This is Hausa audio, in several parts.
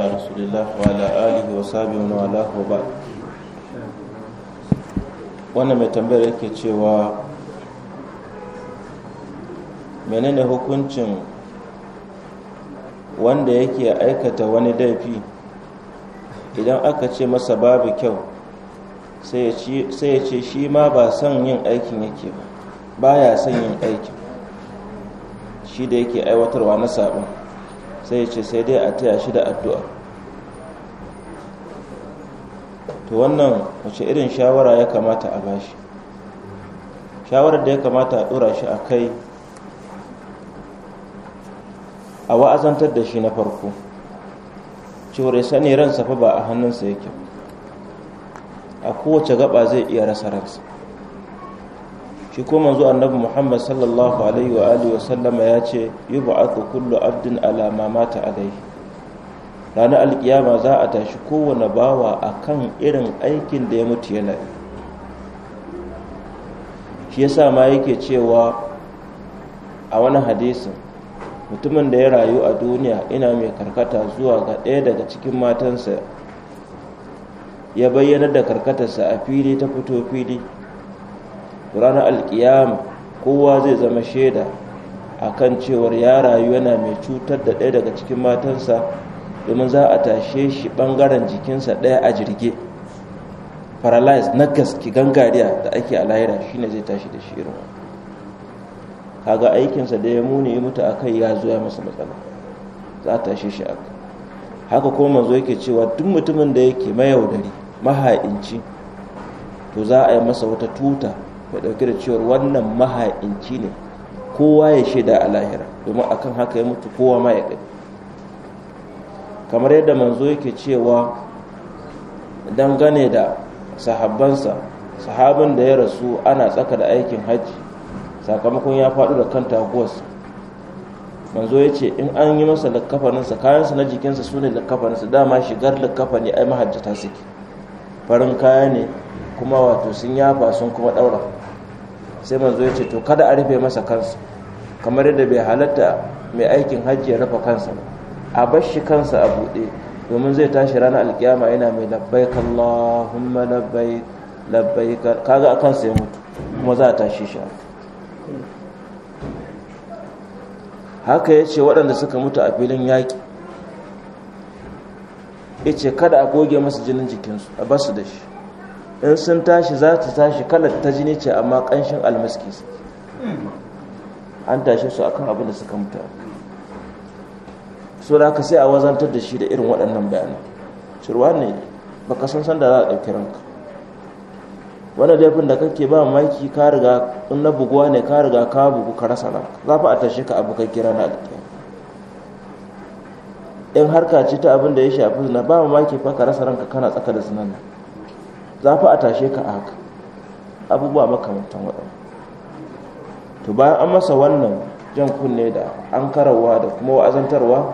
على رسول الله وعلى آله وصحبه wa ala وبعد wannan mai tambayar yake cewa menene hukuncin wanda yake aikata wani laifi idan aka ce masa babu kyau sai ya ce shi ma ba son yin aikin yake ba ya son yin aikin shi da yake aiwatarwa na sabon sai ce sai dai a taya shi da addu'a to wannan wace irin shawara ya kamata a bashi shawarar da ya kamata a ɗora shi a kai a wa'azantar da shi na farko cewar ya sani ransa fa ba a hannunsa yake a kowace gaba zai iya rasa ransa shi ko manzo annabi muhammad sallallahu alaihi wa alihi sallama ya ce yub'athu kullu abdin ala ma mata alaihi ranar alkiyama za a tashi kowane bawa akan irin aikin da ya mutu yana yi shi yasa ma yake cewa a wani hadisin mutumin da ya rayu a duniya ina mai karkata zuwa ga ɗaya daga cikin matansa ya bayyana da karkatarsa a fili ta fito fili ranar alkiyama kowa zai zama shaida a kan cewar ya rayu yana mai cutar da ɗaya daga cikin matansa domin za a tashe shi ɓangaren jikinsa ɗaya a jirge paralyzed na gaske gangariya da ake a lahira shine zai tashi da shi irin kaga aikinsa da ya muni ya mutu akai ya zo ya masa matsala za a tashe shi aka. haka kuma manzo yake cewa duk mutumin da yake mayaudari maha'inci to za a yi masa wata tuta ya ɗauki da cewar wannan maha'inci ne kowa ya shaida a lahira domin akan haka ya mutu kowa ma ya gani kamar yadda manzo yake cewa dangane da sahabbansa sahabin da ya rasu ana tsaka da aikin hajji sakamakon ya faɗo da kan taguwarsa manzo ya ce in an yi masa lakafaninsa kayansa na jikinsa su ne lakafaninsa dama shigar lakafani ai mahajjata suke farin kaya ne kuma wato sun yafa sun kuma daura sai manzo ya ce to kada a rufe masa kansa kamar yadda bai halatta mai aikin hajji ya rufe kansa a bar shi kansa a buɗe domin zai tashi ranar alkiyama yana mai labbaik Allahumma labbaik labbaik kaga a kansa ya mutu kuma za a tashi shi haka ya ce waɗanda suka mutu a filin yaƙi ya ce kada a goge masa jinin jikinsu a basu da shi in sun tashi za ta tashi kalar ta jini ce amma ƙanshin almaski su an tashe su akan abin da suka mutu so da ka sai a wazantar da shi da irin waɗannan bayanan shirwa ne ba ka san da za a ɗauki ranka wani laifin da kake ba maki ka riga in na buguwa ne ka riga ka bugu ka rasa ranka za fa a tashi ka abu kai kira na alƙiyar in harka ce ta abin da ya shafi zina ba maki fa ka rasa ranka kana tsaka da zinan nan za fi a tashe ka a haka abubuwa makamantan waɗanda to bayan an masa wannan jan kunne da an karawa da kuma wa'azantarwa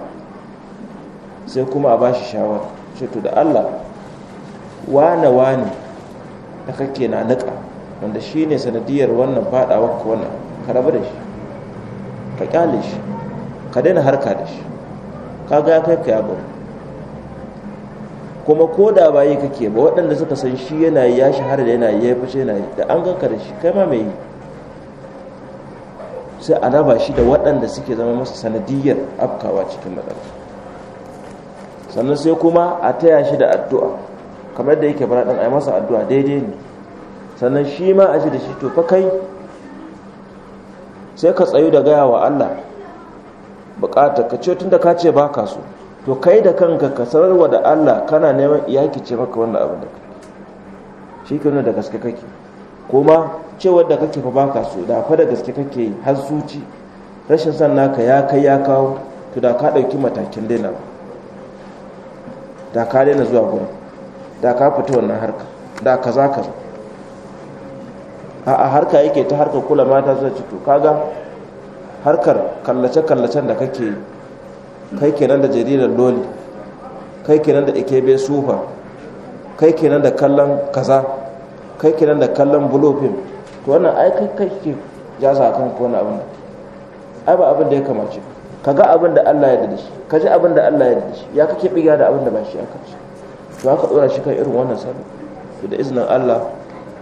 sai kuma a bashi shawara ce to da Allah wane wane da kake na nika wanda shi ne sanadiyar wannan fadawa ko wannan ka da shi ka kyale shi ka daina harka da shi ka ga kai ka yabar kuma ko da ba kake ba waɗanda suka san shi yana yi ya shahara da yana yi ya fice yana yi da an ganka da shi kai ma mai yi sai a raba shi da waɗanda suke zama masa sanadiyar afkawa cikin matsala sannan sai kuma a taya shi da addu'a kamar da yake bara a ai masa addu'a daidai ne sannan shi ma a ji da shi to fa kai sai ka tsayu da gaya wa Allah bukata ka ce tun da ka ce ba ka so to kai da kanka ka sanarwa da Allah kana neman iyaki ce maka wannan abin da shi kana da gaske kake kuma ce da kake fa baka so da fa da gaske kake yi har zuci rashin san naka ya kai ya kawo to da ka dauki matakin daina da ka daina zuwa gurin da ka fita wannan harka da kaza kaza a harka yake ta harkar kula mata zuwa ci to kaga harkar kallace-kallacen da kake yi kai kenan da jaridar loli kai kenan da ikebe sufa kai kenan da kallon kaza kai kenan da kallon bulofin to wannan ai kai kai ke jaza kan ko wani abin ai ba abin da ya kamace ka ga abin da Allah ya dade shi ka ji abin da Allah ya dade shi ya kake biga da abin da ba shi aka ci to haka dora shi kan irin wannan sabu to da iznin Allah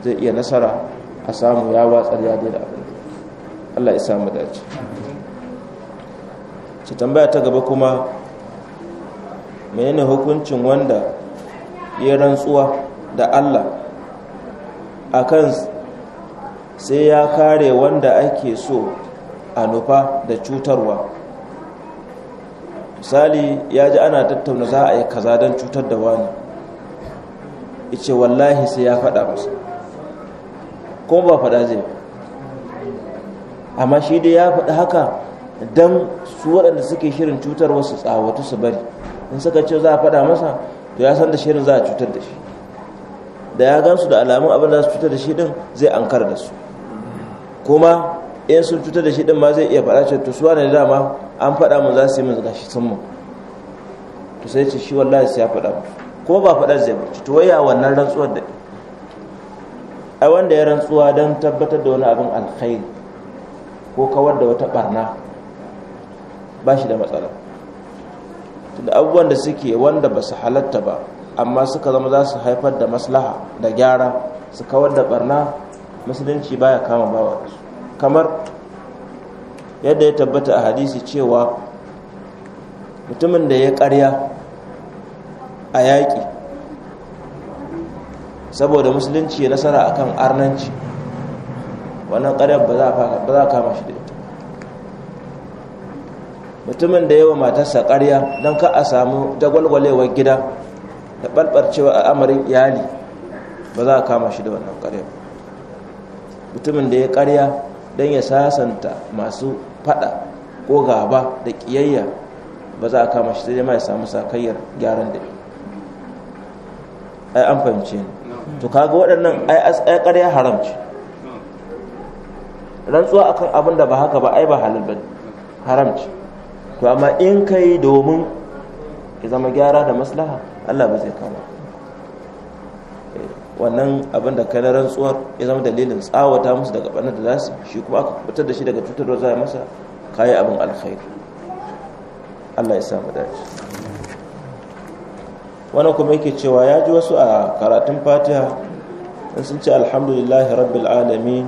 zai iya nasara a samu ya watsar ya da abin Allah ya samu dace ci tambaya ta gaba kuma menene hukuncin wanda ya rantsuwa da Allah A kan sai ya kare wanda ake so a nufa da cutarwa misali ya ji ana tattauna za a yi kaza don cutar da wani ice wallahi sai ya faɗa masa ko ba fada zai amma shi dai ya faɗi haka don su waɗanda suke shirin cutar wasu tsawatu su bari in suka ce za a faɗa masa to ya san da shirin za a cutar da shi da ya gansu da alamun abin da su cutar da shi din zai kar da su kuma in sun cutar da shi din ma zai iya faɗa cewa to su wane dama an faɗa mu za su yi mu gashi sun mu to sai ce shi wallahi sai ya faɗa mu Kuma ba faɗa zai bar to waya wannan rantsuwar da ai wanda ya rantsuwa don tabbatar da wani abin alkhairi ko kawar da wata barna ba shi da matsala da abubuwan da suke wanda ba su halatta ba amma suka zama za su haifar da maslaha da gyara su kawar da barna musulunci baya kama bawa kamar yadda ya tabbata a hadisi cewa mutumin da ya karya a yaƙi saboda musulunci ya nasara akan arnanci wannan karyar ba za a kama shi da mutumin da yawa matarsa ƙarya don ka a samu dagwalgwalewar gida da ɓalɓarcewa a amarin iyali ba za a kama shi da wannan ƙarya mutumin da ya ƙarya don ya sasanta masu faɗa ko gaba da ƙiyayya ba za a kama shi sai ma ya samu sakayyar gyaran da ai an fahimce ni to kaga waɗannan ai ƙarya haram ce rantsuwa akan abin da ba haka ba ai ba halal ba haram ce to amma in ka yi domin ya zama gyara da maslaha allah ba zai kama eh, wannan abin da kai rantsuwar ya zama dalilin tsawata musu daga ɓanar da za su shi kuma aka fitar da shi daga cutar da a masa kayi abin alkhairi allah ya samu dace wani kuma yake cewa ya ji wasu a karatun fatiha in sun ce alhamdulillahi rabbil alamin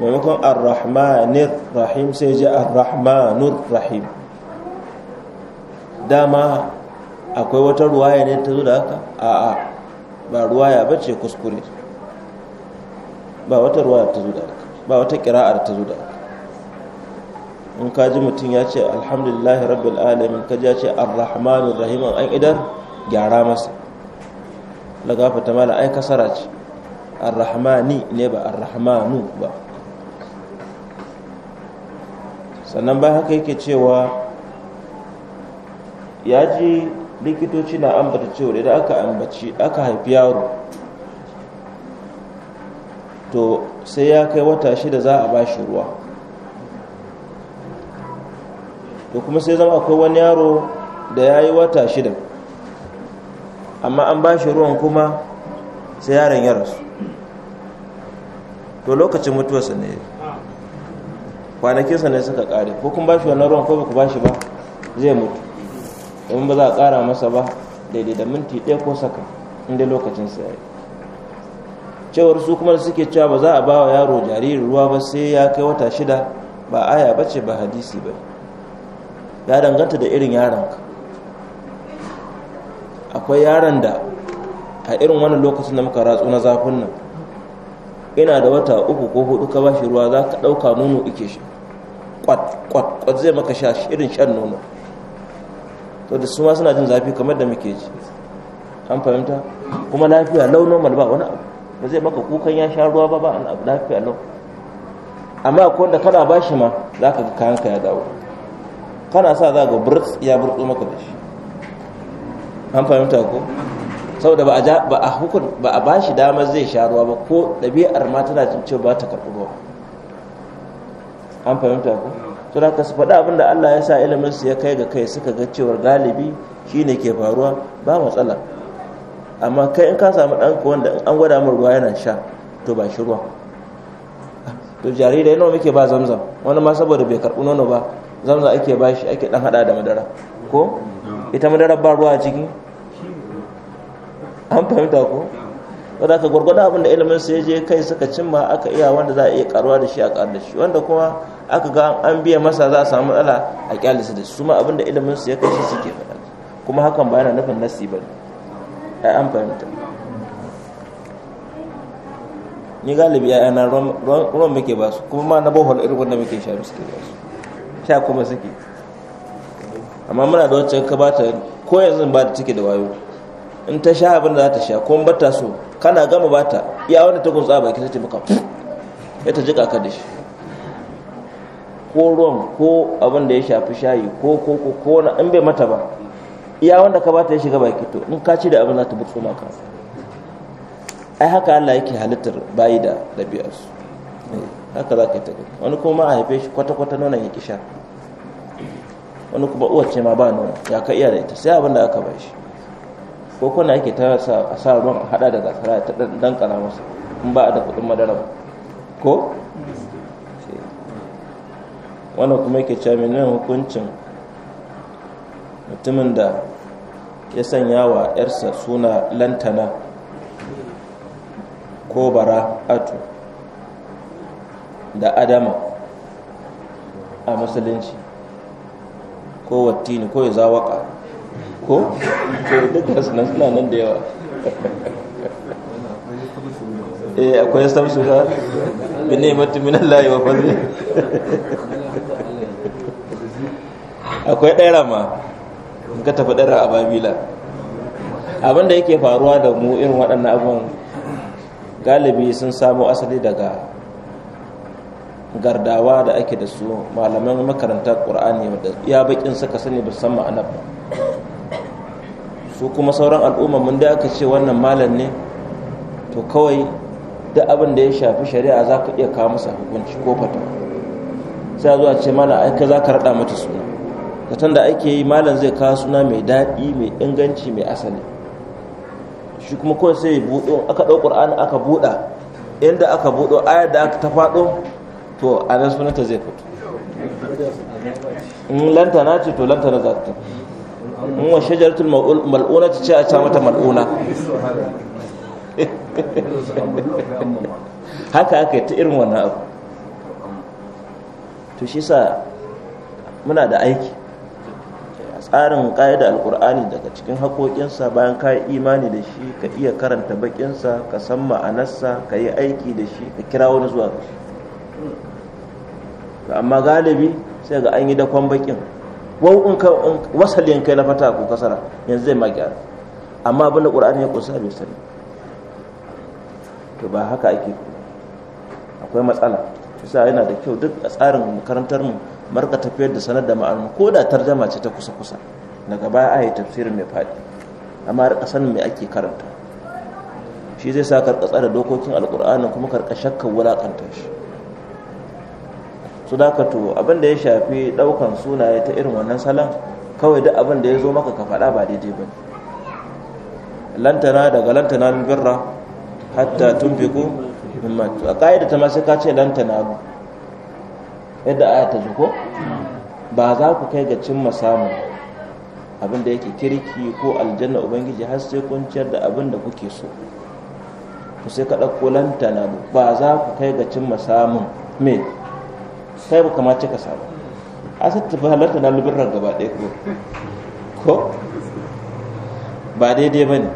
maimakon arrahmanir rahim sai ji arrahmanur rahim dama akwai wata ruwaya ne ta zo da haka a'a ba ruwaya ba ce kuskure ba wata ruwaya ta zo da haka ba wata kira'ar ta zo da haka in ka ji mutum ya ce alhamdulillah rabbil alamin ka ji ya ce arrahmanir rahim an idar gyara masa la gafata mala ai kasara ce ar-rahmani ne ba ar-rahmanu ba sannan ba haka yake cewa ya ji likitoci na ambata cewa idan aka ambaci aka haifi yaro to sai ya kai wata shida za a bashi ruwa to kuma sai zama akwai wani yaro da ya yi wata shida amma an bashi ruwan kuma sai yaron ya rasu to lokacin mutuwarsa ne kwanakinsa ne suka kare ko kun bashi wannan ruwan ko ba ku bashi ba zai mutu domin ba za a ƙara masa ba daidai da minti ɗaya ko saka inda lokacin sa yi. cewar su kuma suke cewa ba za a ba wa yaro jariri ruwa ba sai ya kai wata shida ba aya ba ce ba hadisi ba ya danganta da irin ka akwai yaron da a irin wannan lokacin da muka ratsu na zafin nan ina da wata uku ko hudu ka bashi ruwa za ka ɗauka nono ike shi kwat kwat kwat zai maka sha irin shan nono to da su ma suna jin zafi kamar da muke ji an fahimta kuma lafiya lau normal ba wani abu ba zai maka kukan ya sha ruwa ba ba an abu lafiya lau amma ko wanda kana ba shi ma za ka ga ka ya dawo kana sa za ga burts ya burtso maka da shi an fahimta ko saboda ba a hukun ba a bashi damar zai sha ruwa ba ko ɗabi'ar ma tana jin cewa ba ta karɓi ruwa an fahimta ko to da su faɗi abin da Allah ya sa ilimin su ya kai ga kai suka ga cewar galibi shine ke faruwa ba matsala amma kai in ka samu ɗanka wanda an gwada min ruwa yana sha to ba shi ruwa to jarirai nawa muke ba zamzam wani ma saboda bai karɓi nono ba zamzam ake ba shi ake ɗan haɗa da madara ko ita madara ba ruwa a ciki an fahimta ko wadda ka gwargwada abin da ilimin sai je kai suka cimma aka iya wanda za a iya karuwa da shi a karu da shi wanda kuma aka ga an biya masa za a samu matsala a kyalisa da shi su ma abin da ilimin su ya kai shi suke faɗa kuma hakan ba yana nufin nasi ba ai an fahimta ni galibi ya yana ruwan muke ba su kuma ma na bohol irin wanda muke sha suke ba su sha kuma suke amma muna da wacce ka ba ta ko yanzu ba ta cike da wayo in ta sha abin da za ta sha ko ba ta so kana gama bata iya wani ta gunsa baki sai ta maka ya ta jika ka da shi ko ruwan ko abin da ya shafi shayi ko ko ko ko na in bai mata ba iya wanda ka bata ya shiga baki to in ka ci da abin za ta butsu maka ai haka Allah yake halittar bayi da ɗabi'arsu eh, haka za ka yi ta gani wani kuma a haife shi kwata-kwata nonon ya ki sha wani kuma uwar ce ma ba nuna ya ka iya da ita sai abin da aka bai shi ko kuna yake ta sa ruwan a hada da gasara ta dankana masa in ba a da kudin madara ko wannan kuma yake cewa nan hukuncin mutumin da ya sanya wa yarsa suna lantana ko bara atu da adama a musulunci ko wattini ko ya zawaka ko Ko dukkan suna suna nan da yawa eh akwai samsu suka bi ni'mati min Allah wa fadli akwai ɗaya ma ka tafi ɗara a babila abin da yake faruwa da mu irin waɗannan abin galibi sun samo asali daga gardawa da ake da su malaman makarantar ƙur'ani wadda ya bakin saka sani ba san ma'anar ba su kuma sauran al'umma mun da aka ce wannan malam ne to kawai da abin da ya shafi shari'a za ka iya kawo masa hukunci ko fata sai zuwa ce mana aika za ka raɗa mata suna zaton da ake yi malam zai kawo suna mai daɗi mai inganci mai asali shi kuma kawai sai ya buɗo aka ɗau ƙur'ani aka buɗa inda aka buɗo ayar da aka ta faɗo to a nan sunanta zai fito in lantana ce to lantana za ta mun wa shajaratul mal'una ta ce a ca mata mal'una haka haka ta irin wannan abu to shi sa muna da aiki tsarin ƙa'ida alkur'ani daga cikin haƙoƙinsa bayan ka imani da shi ka iya karanta baƙinsa ka san ma'anarsa ka yi aiki da shi ka kira wani zuwa ga amma galibi sai ga an yi dakon baƙin wau in ka wasal na fata ko kasara yanzu zai ma gyara amma abin da qur'ani ya kusa bai sani to ba haka ake akwai matsala yasa yana da kyau duk a tsarin makarantar mu marka tafiyar da sanar da ma'anun ko da tarjama ce ta kusa kusa daga baya a yi tafsirin mai faɗi amma rika sanin mai ake karanta shi zai sa karka tsara dokokin alƙur'anin kuma karka shakkan wulakanta shi su da abin da ya shafi daukan sunaye ta irin wannan salon kawai duk abin da ya zo maka ka faɗa ba daidai ba lantana daga lantana birra hatta tunfiku mimma a ƙa'ida ta ma sai ka ce lantana yadda aya ta ko ba za ku kai ga cimma samun abin da yake kirki ko aljanna ubangiji har sai kun ciyar da abin da kuke so ku sai ka ɗauko lantana ba za ku kai ga cimma samun me sai ba kama cika sa a sai tafi halarta na lubirran gaba ɗaya ko ko ba daidai ba ne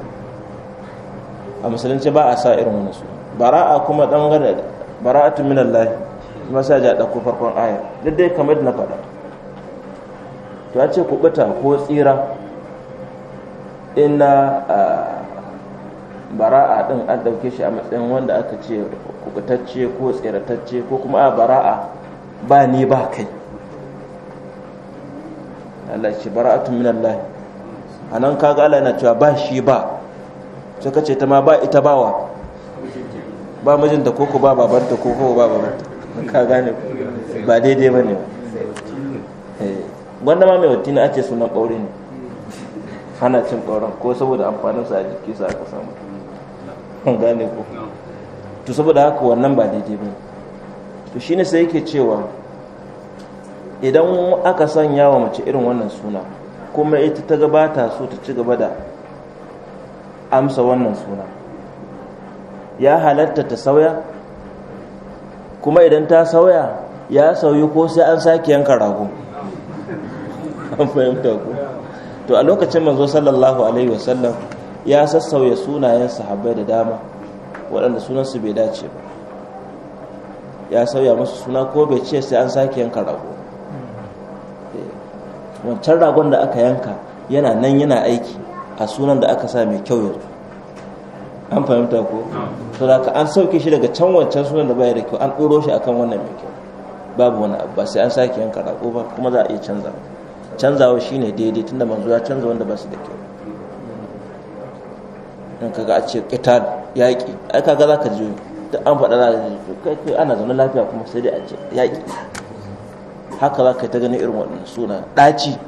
a musulunci ba a sa irin wani su bara'a kuma minan bara'atun minallahi masaji a ɗauko farkon ayar daidai kamar da na faɗa to a ce ɓata ko tsira ina bara'a ɗin an ɗauke shi a matsayin wanda aka ce kubutacce ko tsiratacce ko kuma a bara'a ba ni ba kai Allah ce bara'atun min Allah anan kaga Allah yana cewa ba shi ba sai kace ta ma ba ita bawa ba mijinta ko koko ba babanta ko koko ba babanta ka gane ba daidai bane eh, wanda ma mai wattina ake suna sunan ɓaure ne hana cin ɓauren ko saboda amfanin sa a jiki sa aka samu gane ko to saboda haka wannan ba daidai bane to shine sai yake cewa idan aka sanya wa mace irin wannan suna kuma ita ta gabata so ta ci gaba da amsa wannan suna ya halatta ta sauya kuma idan ta sauya ya sauyi ko sai an sake yanka rago an fahimta ku to a lokacin manzo sallallahu alaihi wasallam ya sassauya sunayen sahabbai da dama waɗanda sunansu bai dace ba ya sauya musu suna ko bai ce sai an sake yanka rago wancan ragon da aka yanka yana nan yana aiki a sunan da aka sa mai kyau yanzu an fahimta ko to da an sauke shi daga can wancan sunan da baya da kyau an ɗoro shi akan wannan mai kyau babu wani abu ba sai an sake yanka rago ba kuma za a iya canza canzawa shine daidai tunda manzo ya canza wanda ba su da kyau in kaga a ce qital yaƙi. ai kaga zaka ji da an faɗa za ka kai kai ana zaune lafiya kuma sai dai a ce yaƙi haka za ka ta gani irin waɗannan suna ɗaci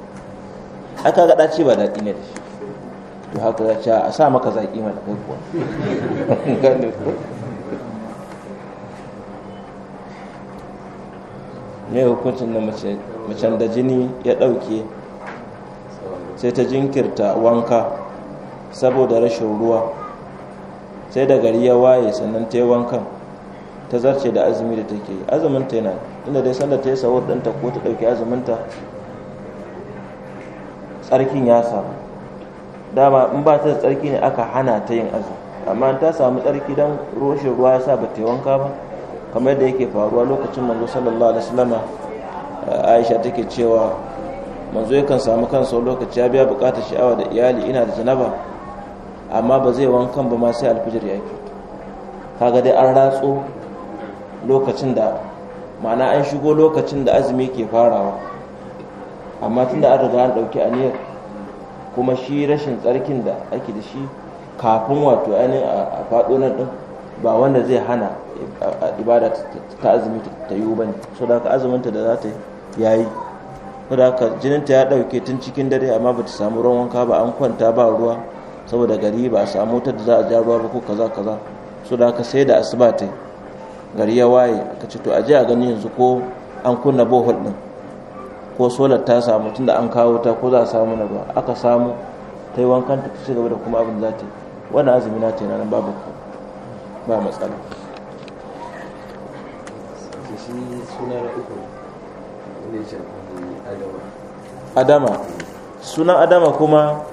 aka ga ɗaci ba daɗi ne da shi to haka za ce a sa maka zaƙi da kai kuwa me hukuncin na macen da jini ya ɗauke sai ta jinkirta wanka saboda rashin ruwa sai da gari ya waye sannan ta yi wankan ta zarce da azumi da take yi azumin ta yana inda dai sanda ta yi sawar ɗinta ko ta ɗauki azumin ta tsarkin ya samu dama in ba ta da tsarki ne aka hana ta yin azumi amma ta samu tsarki don roshin ruwa ya sa ba ta yi wanka ba kamar da yake faruwa lokacin manzo sallallahu alaihi wasallama eh, aisha take cewa manzo yakan samu kansa lokaci ya biya bukatar sha'awa da iyali ina da janaba amma ba zai wankan ba ma sai alfijir ya fito kaga dai an ratso lokacin da ma'ana an shigo lokacin da azumi ke farawa amma tunda an riga an ɗauki aniyar kuma shi rashin tsarkin da ake da shi kafin wato ainihin a faɗo na ɗin ba wanda zai hana ibada ta azumi ta yiwu ba ne so da azuminta da za ta yayi so da jininta ya ɗauke tun cikin dare amma ba ta samu ruwan wanka ba an kwanta ba ruwa saboda gari ba a samu wutar da za a ja ruwa ba ko kaza kaza so da aka sai da asuba ta gari ya waye aka ce to a ji a gani yanzu ko an kunna bohol din ko solar ta samu tun da an kawo ta ko za a samu na ruwa aka samu ta yi wankan ta ci gaba da kuma abin za ta yi wannan azumi na ta nan babu ba matsala adama sunan adama kuma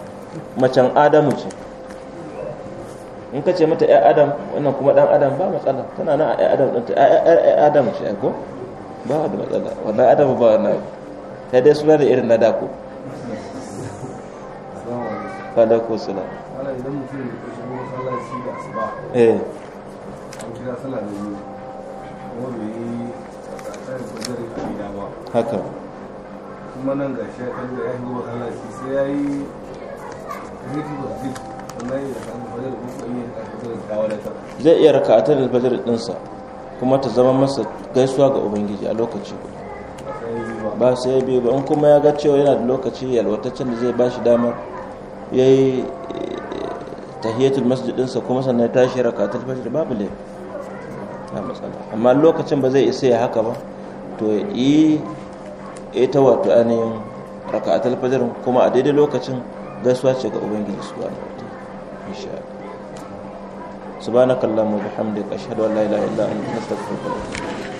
macen adamu ce in ka ce mata ya adam wannan kuma dan adam ba matsala tana na ya adam ɗanta ya adam ce ko ba da matsala wannan adam ba wannan ta dai suna da irin na dako falako sula idan da asuba eh haka kuma nan ga shi ya kan da ya yi zai iya raka'atar da bajar ɗinsa kuma ta zama masa gaisuwa ga ubangiji a lokaci ba sai biyu ba in kuma ya ga cewa yana da lokaci yalwataccen da zai ba shi damar ya yi eh, tahiyatul masjidinsa kuma sannan ya tashi rakatul fajr babu ne ya matsala amma lokacin ba zai isa ya haka ba to ya yi ita wato ainihin rakatul fajr kuma a daidai lokacin gaisuwa ce ga ubangiji subhanahu wataala insha Allah subhanakallahumma wa bihamdika ashhadu an la ilaha illa anta astaghfiruka wa atubu